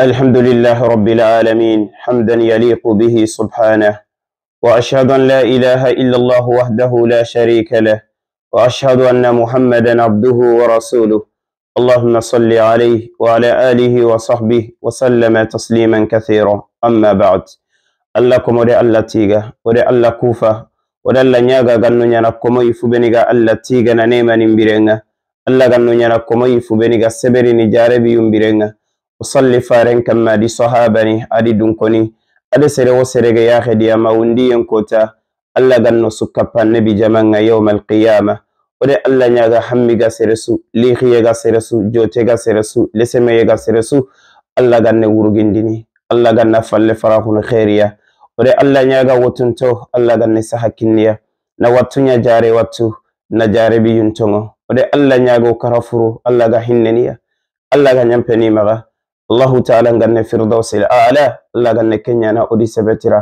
الحمد لله رب العالمين حمدا يليق به سبحانه وأشهد أن لا إله إلا الله وحده لا شريك له وأشهد أن محمدا عبده ورسوله اللهم صل عليه وعلى آله وصحبه وسلم تسليما كثيرا أما بعد اللهم ولي ودي الله تيغا ولي الله كوفا ولي الله نياغا غنو نيانا كمو يفبنيغا الله تيغا نيما نمبرنغا الله غنو نيانا كمو يفبنيغا سبري نجاربي يمبرنغا usalli faren kama di sahaba ne adi dunkoni adi sere wo sere ga yahe wundi yen kota alla ga no sukka pan nabi jaman ga yawm al qiyama ode alla ga hammi ga sere su ga sere su jote ga sere su le seme ga sere su alla ga ne wurugindini alla ga na falle farahun khairiya ode alla ga wotunto alla ga ne sahakinniya na watunya jare watu na jare bi yuntongo ode alla nya ga karafuru alla ga hinneniya alla ga nyampeni maga allahu taala ganne firdausil ala allah ganne kenyana odi sebetira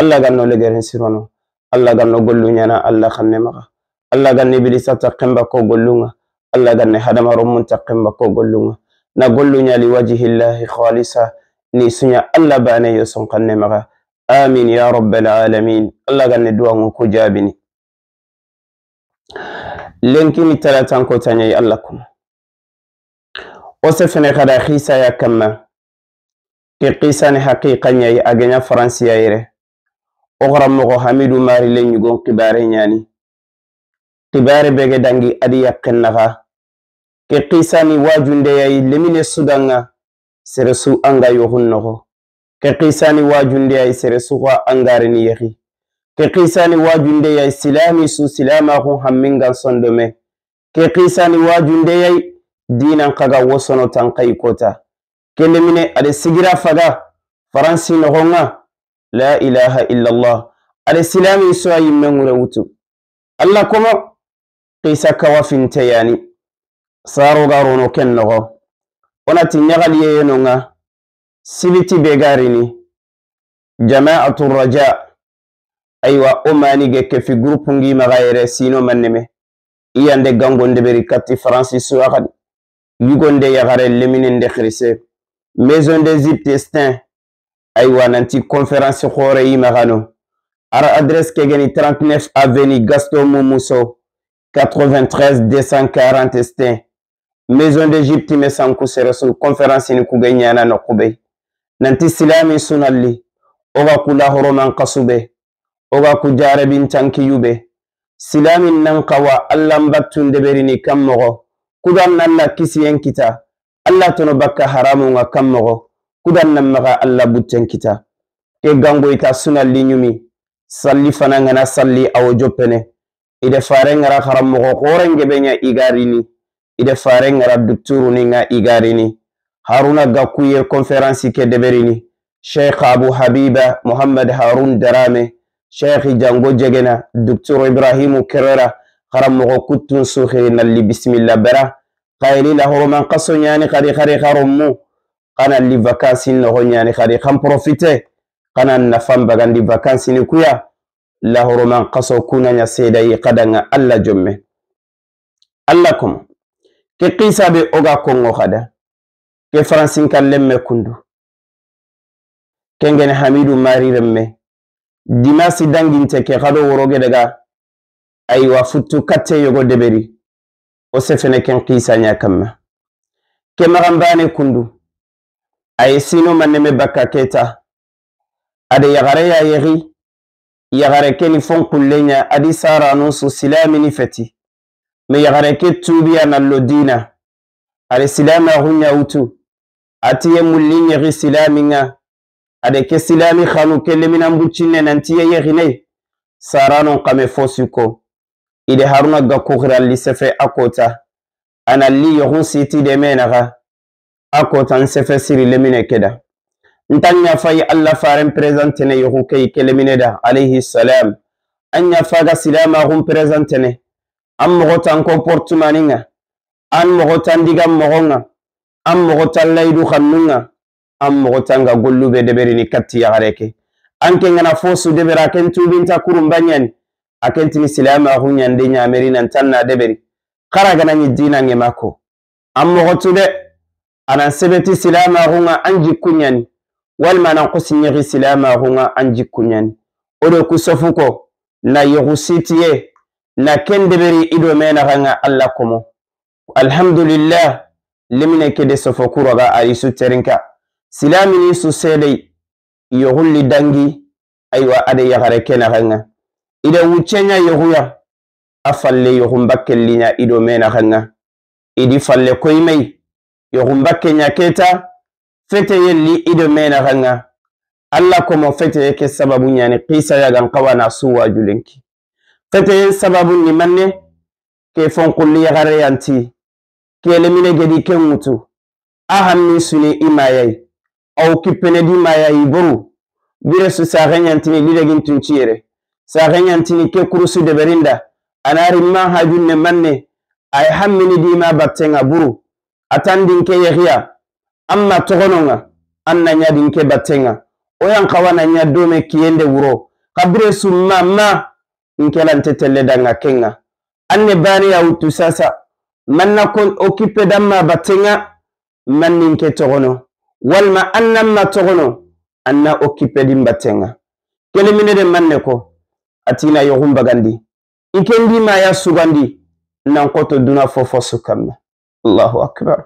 allah ganno legeren sirono allah ganno gollu nyana allah kanne maga allah ganne bilisa taqemba ko gollunga allah ganne hadamaro mun taqemba ko gollunga na gollu nyali wajihillahi khalisa ni sunya allah bane yo son kanne maga amin ya rabbal alamin allah ganne duwango ko jabini lenkini talatan ko tanyai allah kuma wose fene kada xisa ya kama. kamma ke xisani haqiqa ɲayi a geɲa faransiya yere wo xaranmoxo hamidu mari le ɲugon xibare ɲani xibare bege dangi adi yaqen naxa ke xisani wajundeyayi lemine sudanga seresu anga Ki yoxun noxo ke xisani wajundeyayi seresu xa angarini yexi ke xisani wajundeyayi silami su silamaxun hammingan sondome ke ya yi. dinan kaga wosono tan kai kota kelemine ade sigira faga faransi nogonga la ilaha illallah ade silami so ayi mengure wutu alla kuma qisa kawafinte yani saro garono ken nogo onati nyagali yeyenonga sibiti begarini jama'atu raja aywa omani manige kefi groupe ngi magayere sino manneme iyande gangonde beri katti faransi so akadi yugonde yagare est un maison des Estin. aywa nanti conférence xoore yimaxano ara adresse kegeni 39 avenue gaston Moumousso. 93 240 estin maison d'egypte me sankuseresu conférence ni kuge no noxube nanti silami sunalli oga Horoman lahoroman kasube oga ku Tanki Yube. silamin nan kawa berini kam kudan nan la kisiyen kita allah tono bakka haramunga kammogo kudan nan maga allah butten kita ke gango ita sunalli nyumi salli fana ngana salli awo joppene ide fare ngara harammogo korengeɓe nya igarini ide fare ngara ni nga igarini haruna gakuye conference ke deberini sheikh abu habiba muhammad harun darame sheikh jango jegena dr ibrahim kerera karammogo kuttun suhiri nalli bisimilla bara kayini lahoroman kaso nyani kari kari karommu kana li vakansi nogo nyani kari kan profite kana nafan bagandi vakansi kuya lahoroman kaso kuna nya kadanga alla jomme allah komo ke kisa be oga kongo kada ke faransin kan lemme kundu kengene hamidu mari remme dimasi danginte ke kado woroge daga ayiwa futu katte yogo deberi wo ken kiisanya kamma ke maxanbane kundu a ye sino manneme bakka keta ada yagare ya yegi yagare ke ni fon kullenya adi saranu su silamini feti me yagare ke tubiya nallo dina ada silama hunya utu ati ye mulli yegi silaminga ada ke silami xanu ke leminanbucinne nanti ye yeginei saranon kame fosuko ide haruna ga kukralli sefe akota li yogun siti de menaga akota nsefe sefe lemine mine keda ntan yafayi allah faren presentene yogu kei lemine da alayhi salam an yafaga silamagun ne. an mogo tan comportemaninga an mogo tan digan nga. an mogo tan layidu nga. an mogo tan ga gollube deberini katti yagare ke an ngana fo su debera ken tubinta kurunbanyani akentini silama hunyande nyameri nan tanna deberi kara gana ni dina nge mako ammo gotu de anan sebeti silama hunga anji kunyani walma anan kusinyiri silama hunga anji kunyani odo kusofuko na yugusitiye na kendeberi ido mena hanga alla komo alhamdulillah limine kede sofokuro ga arisu terinka silamini su sedei yohulli dangi aywa ade na kena ida wucenya yahuya, a falle yohumba kellinya ido mena hanga idi falle koymei yohumba kenya keta fete yelli ido mena hanga allah komo fete yake sababu nyani kisa yagan kawana suwa julenki fete yen sababu ni manne ke fonkulli yagare yanti kelemine gedi ke mutu. a hammin suni imayai au kippene di maya i bire su saxe ñantini lidegin tunciyere tini ke kurusu deberinda anarinma hajunne manne ay hammini dima battenga buru atandinke yexiya amma anna an nañadinke batte o yan kawana naña dome kiyende wuro xabire summa ma nkelante telle danga kenga an ne ya utu sasa manna kon okipe damma batte nga manni ke tohono walma an nan ma toxono an na okippe din battenga keleminede ko atina yohumbagandi ikendimaya sugandi nankoto duna fofosu kamme allahu akbar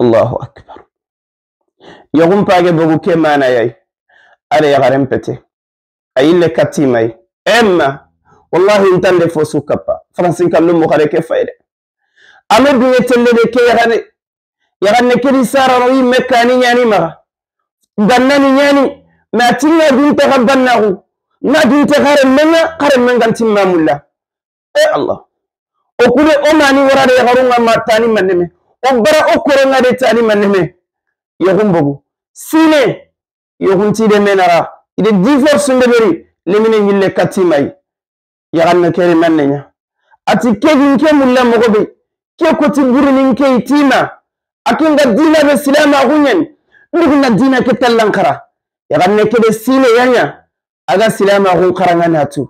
allahu akbar yohumpage bogu ke manayay ara yagarenpete ayille kattimay emma wallahi intande fosu kappa francin kamnu mukhare ke fayde ame duye tellede ke yagane yagane kedi sararoyi mekkani ñani maga gannani ñani na tinga dun ta gabban nahu na dun ta karen nan karen nan gantin mamulla eh allah o kule o mani wara da harun amma tani manne o bara o koron da tani manne me yahun bugu sine yahun ti de menara ide divorce sun beri lemine yille katimai ganna kere manne nya ati kegin ke mulla gobe ke ko koti burinin ke itima akinga dina be silama hunyen na dina ke tallankara yaganekede sine yanya aga silama gun karangani hatu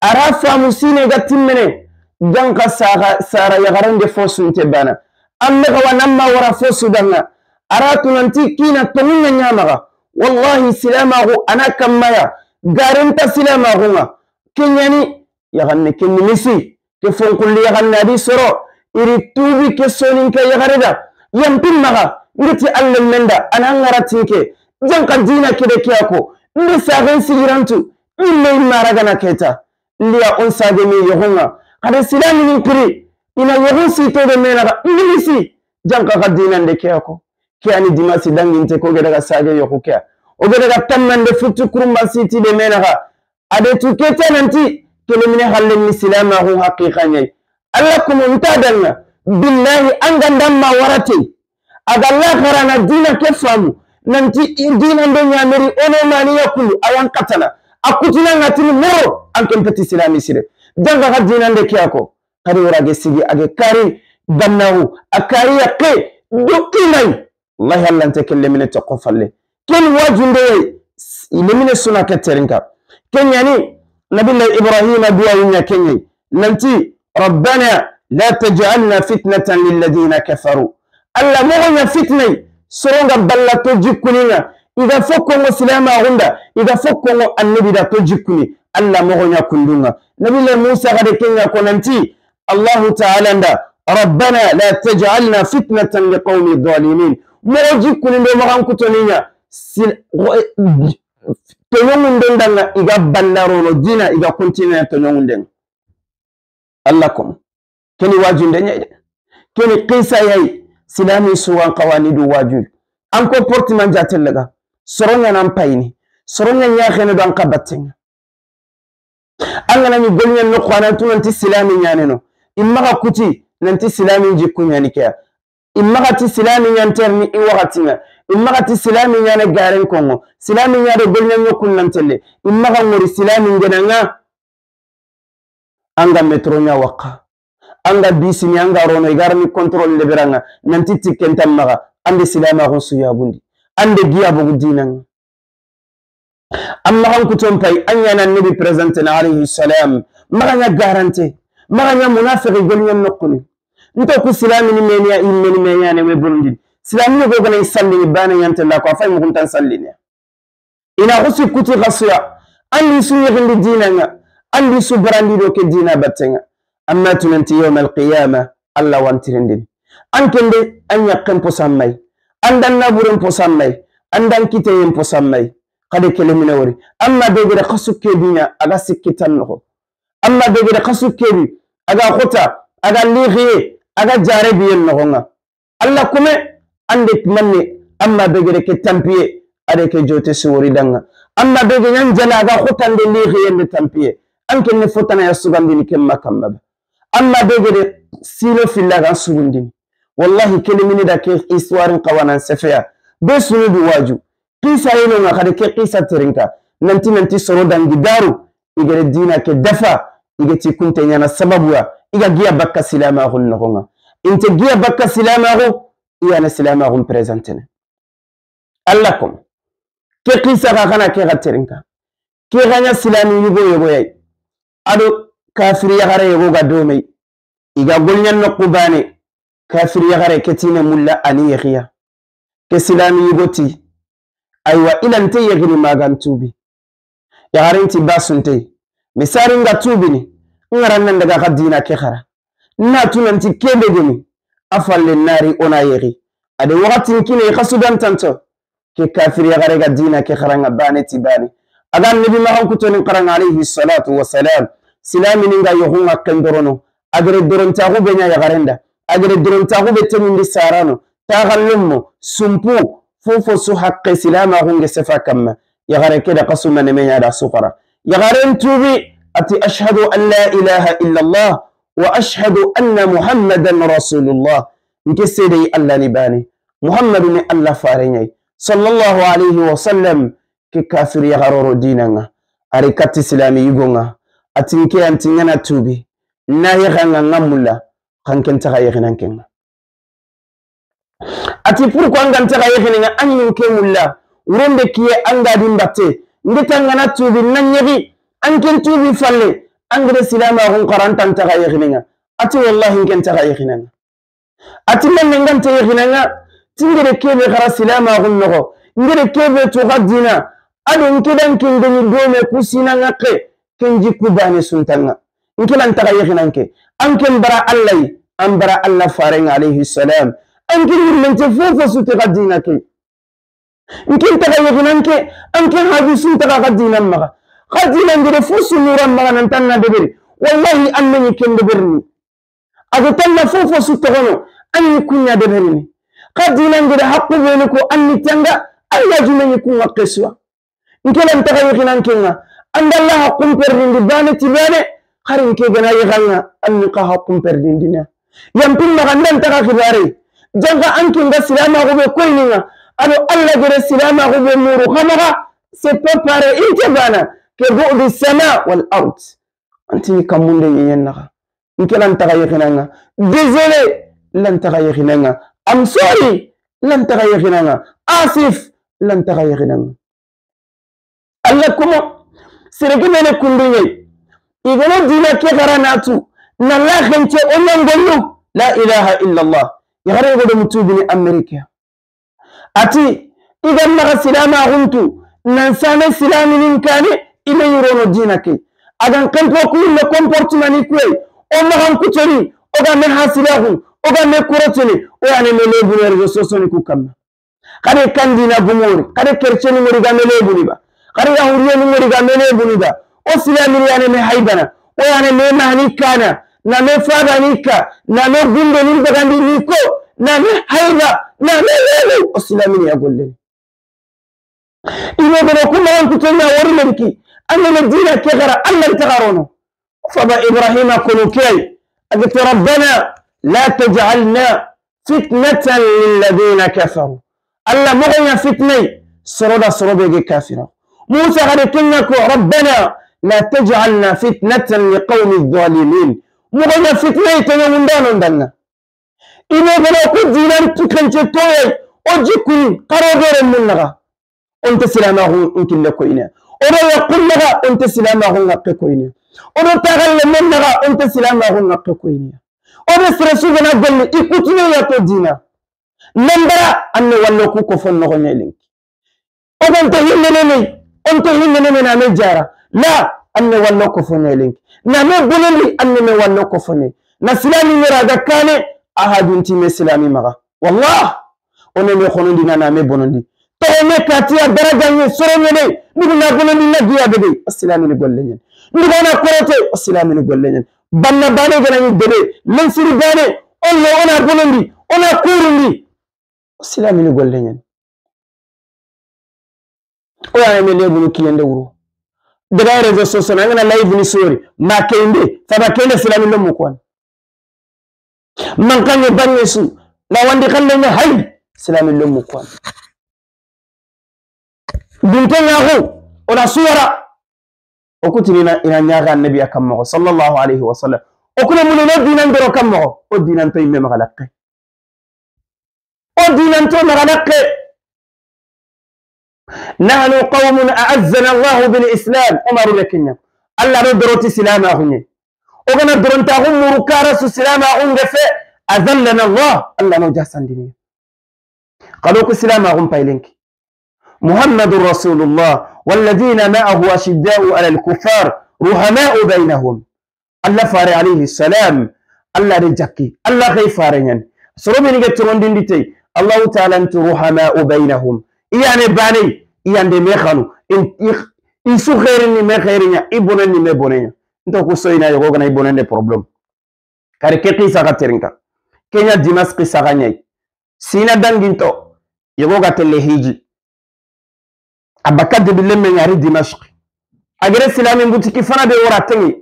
ara famu sine ga timmene janka sara, sara yagarande fosunte bana amme gawa namma wara fosu danga ara tunanti kina tominga nyamaga wallahi silamagu ana kammaya garanta silamagunga kenyani yaganne ke nimisi ke fonkulli yaganne adi soro iri tuubi ke soninke yagarida yampimmaga ngeti allah menda anangaratike ka dina kide kiyako ndi sagen sigirantu ille maragana keta liya on sage me yohonga kada silami ni kiri ina yohon si sito de menaga ingilisi janka ka dina nde kiyako kiani dimasi nte ko gedaga sage yoko kia kea ogedaga de futu kurumba si siti de ade tu keta nanti kele mine halle ni silama hu haqiqa nyai alla kumunta danga billahi angandamma warate Allah karana dina kefamu nanti dinan do nyameri ono mani yakulu ayan katala a ngatini moro anken pati silami sire janga ka dinan de kiyako kari urage sigi age kari bannahu akari yaqe dukimai wallahi allah ntakelle mine tokofalle ken wajunde ilimine suna katerinka ken yani nabillahi ibrahima duwawinya kenye. nanti rabbana la tajalna fitnatan lilladina kafaru allah mogonya fitnai soronga balla to jikkuninga iga fo kongo silamahunda iga fo kongo annabida to jikkuni allah mogoña kundunga nabila musa hade kenya konanti allahu taala nda rabbana la tajalna fitnatan liqaumi dhalimin mogo jikkuni ndo magan kutoniña toñongunden danga iga ballarono dina iga kontinena toñongunden allah kom keni wajunde ñayde keni qisa yayi silami suwan qawanidu wajul an ko porti man jatellaga soronya nan payni soronya nya khene don kabatenga an gana ni golnyen no kwana tunan ti silami nyane no imma ka kuti nan ti silami jikku nyani kya imma ka ti silami nyan ni i wakati nga imma ka ti silami nyane garen kongo silami nyade golnyen no kun nan telle imma ka ngori silami ngena nga an ga metro nya wakka anga bisini anga rono igarni control leberanga nanti tikenta maga ande silama gon suya bundi ande giya bugu dinan amma han kuton pai anya nan nabi present na alaihi salam ya garante maganya munafiqi golnyan nokuni nto ku silami ni menya immeni menya ne we burundi silami ne gogana isalli ni bana yanta la ko mu kuntan salli ne ina husi kuti ghasiya andi su yigindi dinanga andi su barandi do ke dina batenga amma tunanti yawm alqiyama allah wantirindin an kende an yakken posammay an dan naburen posammay an dan kiteyen posammay kade kelemine wori amma degere ka sukkebiya aga sikki tan nogo amma degere ka sukkebi aga kota aga lihiye aga jare biyen nogonga allah kume ande manne amma begere ke tampiye ade ke jote siwori danga amma bege yan jana aga hotande lihiye nde tampiye an kende fotana ya sugandini kemma kammaba Allah be gede silo filla kan walahi wallahi kelimini da ke iswarin kawanan sefeya be bi waju kisa yelonga kada ke kisa terinka nanti nanti soro dangi daru igere dina ke dafa i igeti kunte nyana i ka giya baka bakka silamaxu noxonga inte giya baka i bakka silamaxu iyana silamaxun présentene alla kom ke ka kana ke ka terinka ke xaña silami yugo yogoyay ado kafir yagare yogoga mai iga golñan noqu bane kafir yagare ketine mulla ani yegiya ke silami yigoti aywa ilante yegini magan tubi yagarinti basuntey misaringa tubini nan daga ka dina ke xara natunanti kebegeni a falle nari ona yegi ade wakatin kine i xa ke kafir yagare ga dina ke xaranga baneti bane aga annabi maxan kutonin xaranga alayhi salatu wasalam silamini ga yohunga kendorono agere dorontaku benya yagarenda agere dorontaku be temindi sarano tagallemmo sumpu fufu su haqqe silama hunge sefa kamma yagare keda kasuma sufara sukara yagaren ntubi ati ashhadu an la ilaha illa allah wa ashhadu anna muhammadan rasulullah nke seedayi allah ni bani. muhammadu ni allah fareñayi sallallahu alayhi wa sallam ke kafir yagaroro dinanga ari silami yigonga atinke antingana tubi na yexanga nga mulla xan ken taxa yexinan kenga ati an ngan taxa yexininga an ke ñinke mulla wurenbe kiye angadi mbatte ngetangana tubi na ñexi an ken tubi falle angede silamaxun xara an ta taxa yexininga ati wallahi nken taxa yexininga ati manne ngan ta yexininga tingede kebe xara silamaxun noxo ngede kebe tuxa adon ado nkedan kingeñi dome ku sinanga xe كنجي كوباني سنتنا انكي لان تغيخنا انكي انكي انبرا اللي انبرا الله فارين عليه السلام انكي نور من تفوفا سوتي غدينك انكي تغيخنا انكي انكي هذي سوتي غدينا مغا غدينا انجري فوس نورا مغا ننتنا ببري والله انني كن ببرني اغتنا فوفا سوتي غنو اني كن ببرني غدينا انجري حق بينكو اني تنغا اي جمعي كن وقسوا انكي لان تغيخنا انكي عند الله قم فردين دبانة تبانة خارين كي جنا يغنى النقاها قم فردين دينا يمتن مغنن تغا خباري جنغا أنكين دا سلامة غوبة كوينينا أنو الله جرى سلامة غوبة مورو خمغا سيبو باري إنتبانا كي بؤد السماء والأرض أنتي كمون دي ينغا نكي لن تغا يغنانا ديزيلي لن تغا يغنانا I'm sorry sirgine ne kundunye igana dina ke natu na la ce onan gollu la ilaha illallah yare godo mutubini america ati igan na silama huntu nan sana silami nin kane ina yurono dina ke agan kanto ku le comportement ku o ma han o ga me hasilahu o ga me kurotini o ya ne le bunere ne sosoni ku kade kandina bumori kade kercheni mori ga me le ba. قرية هورية من مريقا بنودا بنيدا أسلا مليانا يعني محيبنا ويانا ميما هنيكانا نامي فادا هنيكا نامي قندو نيبقى نيكو نامي حيبا نامي ليلو أسلا مليا أقول لي إذا بنكم لهم كتلنا ورمركي أن الدين كغرى أن انتغرونه فما إبراهيم كنوكي قلت ربنا لا تجعلنا فتنة للذين كفروا ألا مغنى فتنة سرودة سرودة كافرة موسى غرقنك ربنا لا تجعلنا فتنة لقوم الظالمين مغنى فتنة تنوندان دنا بلا قد دينان تكن تتوي أجيكم قرار من لغا أنت سلامه أنت لكوينة أرى يقول لغا أنت سلامه لكوينة أرى تغل من لغا أنت سلامه لكوينة أرى سرسوغنا قل إكتنا يا تدينا نمبرا أن ولوكو كفن نغنى لك أنا تهيلني انت هن من انا جارة لا اني ونكفني لك نامي بنلي اني من ونكفني نسلامي مرادا كان احد انت مسلامي مغا والله onene honondi nana me bonondi tome katiya daraja ye soro nyene ndugu na bonondi na giya bebe asilami ni golle nyen ndugu na korote asilami ni golle nyen banna bane gana ni debe lensiri bane onne ona bonondi ona kurundi asilami ni golle nyen oya mele bunu kiyende wuro Dega rezo soso na ngana live ni sori Ma kende. faba kende filani lo mukwan man kan bangi su la wande kalle ne hay silami lo mukwan dun ko ngaho ola suwara okutinina ina nyaga annabi akammo sallallahu alaihi wasallam okuna mun no dinan doro kammo o dinan to imme magalakke o dinan to magalakke نحن قوم أعزنا الله بالإسلام عمر لكن الله ندرت سلام هني وغنى درنت أهم ركارس سلام أهم غفة أذلنا الله الله نوجه سندني قالوا سلام أهم بايلينك محمد رسول الله والذين معه أشداء على الكفار رحماء بينهم الله فار عليه السلام الله رجكي الله غير فارين يعني. سربي نجت رندين الله تعالى رحماء بينهم iyane bane iyande me khanu in su khairin ni me khairin i bonen ni me bonen nto ku soyna yogo gana i ne de problem kare ke qisa ga terinka kenya dimas qisa ga nyai sina danginto yogo ga tele hiji abaka de bille me ngari dimashq agere silamin butiki fana be wora tangi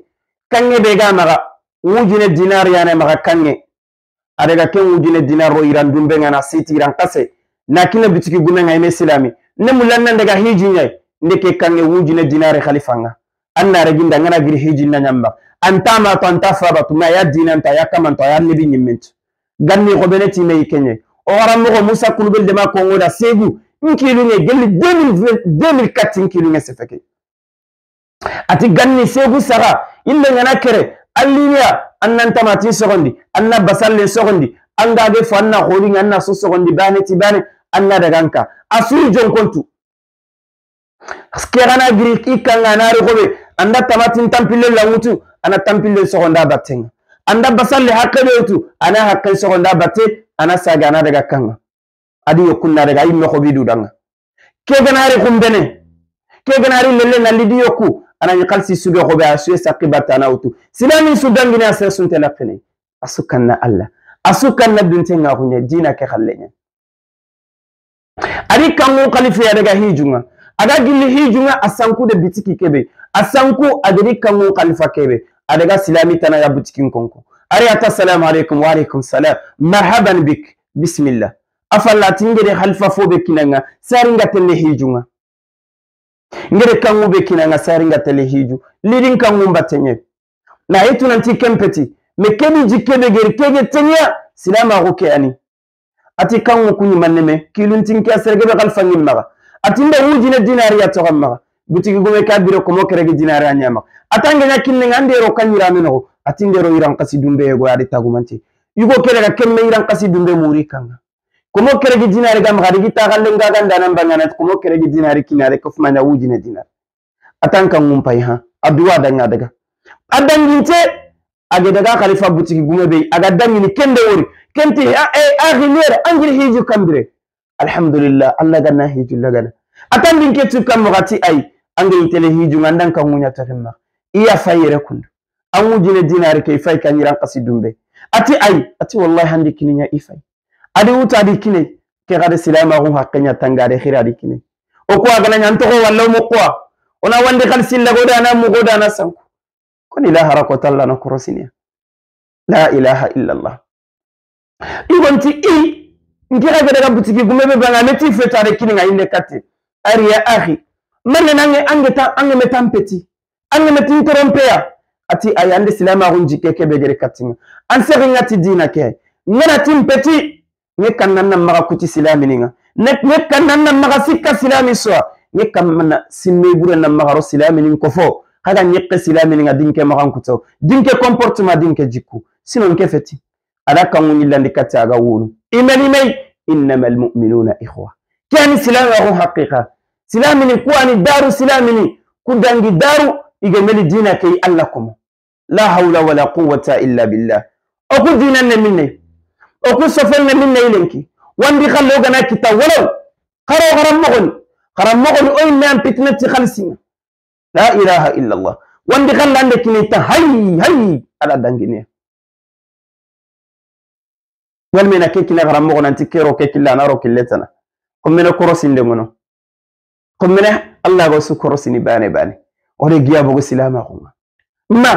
kange be ga maga wujine dinar yana maga kange adega ken wujine dinar ro iran dumbe ngana siti iran kase na kina bitiki gunanga ime silami ne mulanna daga hiji nyai ndeke kange na dinare khalifanga anna reginda ngana giri hiji na nyamba antama to antafaba tuma ya dinanta ya kamanta ya nabi nyimment ganni ko beneti me kenye o waran musa kulubel de kongo da segu nkilu ne gelli 2020 2004 nkilu ne sefeke ati ganni segu sara ille ngana kere allinya annan tamati sogondi anna basalle sogondi anga ge fanna horinga anna so sogondi ti bane annada ganka asu jonkontu skegana giri i kanga nari kobe anda tamatin tampille langutu ana tampille sogonda battenga anda basalle hakkeɓeytu ana hakken sogonda batte ana sage ana daga kanga adi yokkunna daga ayi nokobidudanga keganari kumbene keganari lelle nallidi yokku anani kalsi suge koɓe a suye sakki batte ana wutu silamin su dangine a sere sunte lakkene a sukkanna allah a sukkanna duntenga kuñe dina ke halleñen ari kango kalife daga hijunga aga gilli hijunga asanku da bitiki kebe asanku adiri kango kalifa kebe adaga silami tana ya bitikin konko ari ata salamu alaikum wa alaikum salam marhaban bik bismillah afalla tingere halfa fo be kinanga saringa telle hijunga ngere kango be kinanga saringa telle hiju lidin kango mbatenye na yitu nanti kempeti mekemi jikebe geri kege tenya silama ruke ani ati kangu kunyi manneme kilun tinke serge be gal fangin maga ati nda wujine dinari ya toga maga butiki gome ka biro komo kerege dinari anya maga atange nya kinne ngande ro kanyira meno ati ndero iran kasi dumbe go ade tagumanti yugo kerega me iran kasi dumbe muri kanga komo kerege dinari gam gadi ta galle ngaga ndanan bangana komo kerege dinari kinare kofmanya wujine dinari atanka ngumpai ha abduwa danga daga adanginte agadaga khalifa gume gumebe agada nyini kende wori kente aghilera angil hiju kambire alhamdulillah allah ganna hiju lagana atambin ketu kam magati ay angil tele hiju ngandan kan munya tarimma iya fayre kun. an wujine dinar kay fay kan yiran qasidumbe ati ay ati wallahi handi kininya ifay adi wuta di kine ke gade silama ru haqqenya tangare khira di kine o ko agana nyanto ko wallo mo ko ona wande khalsin lagoda na mu goda na sanko كن إله ركو تلا نكروسيني لا إله إلا الله إيوان تي إي نجيرا كده كم بتيجي قومي ببعنا نتي فتارة كيني عايز نكاتي أري يا أخي من أنا عن عن متى عن متى أمبتي عن متى ينترمبيا أتي أيام السلام عن جيكة كبيرة كاتين أنسرين أتي دينا كه من أتي أمبتي نكنا نن مرا كتي سلام لينا نك نكنا نن مرا سكة سلام يسوع نكنا نن سمي بره نن مرا رسلام كفو hada nyikke silami ninga dinke magan kuto dinke comportement dinke jikku sino nke feti ada kangu nyillandi kati aga wunu imani mai innamal mu'minuna ikhwa kani silami wa haqiqa silami ni kuani daru silami ni kudangi daru igemeli dina kay allah kuma la hawla wala quwwata illa billah oku dina ne minne oku sofel ne minne ilenki wandi khallo gana kita walaw karo garam mogon garam mogon oy men fitnati khalsina la ilaha illallah wanda kan lande ta hay hay ala wal mena ke kine karanmogo nanti kero ke kille anaro mena kommine korosinde mono mena allah go su korosini bane bane ode giya bogo silama kunga ma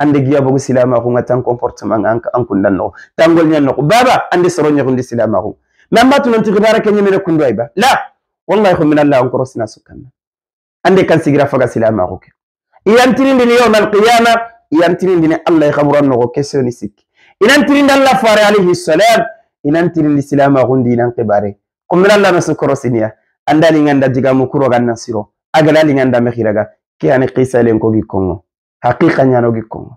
ande giya bogo silama kunga tan comportement an an kundan no tangol nyen no baba ande soro nyakundi silama kunga mamma tunanti kibara kenye mene kundu ayba la wallahi ko mena allah an korosina sukanna ande kan sigira faga silamaxu ke iyantirindini yowma alqiyama iyantirindini allah i xaburan noxo kesoni sikki inantirindi allah fare alayhi salam inantirindi silamaxundi inan xibare qommira allah mesu korosiniya anda linganda jigamu kurogan na siro agala linganda mexiraga ke ani xisalen kogi kongo haqiqa ñanogi kongo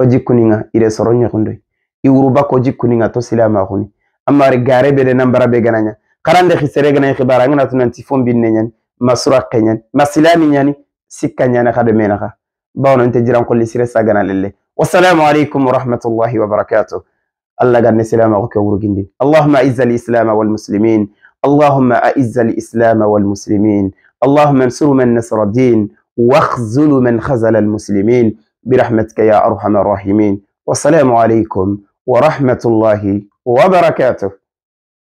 o jikkuninga ire soro ñoxundoy i wurubako jikkuninga to silamaxuni amari gare bede nambara be ganaña xarande xisere ganai xibara anganatu nanti fombinne ñani masura kanyan masilami yani sikkanyana khademena kha bawno nte jiran kulli sire sagana lelle wassalamu alaikum warahmatullahi wabarakatuh الله قال نسلام وكورجندين اللهم أعز الإسلام والمسلمين اللهم أعز الإسلام والمسلمين اللهم انصر من نصر الدين واخذل من al المسلمين برحمتك يا أرحم الراحمين والسلام عليكم ورحمة الله وبركاته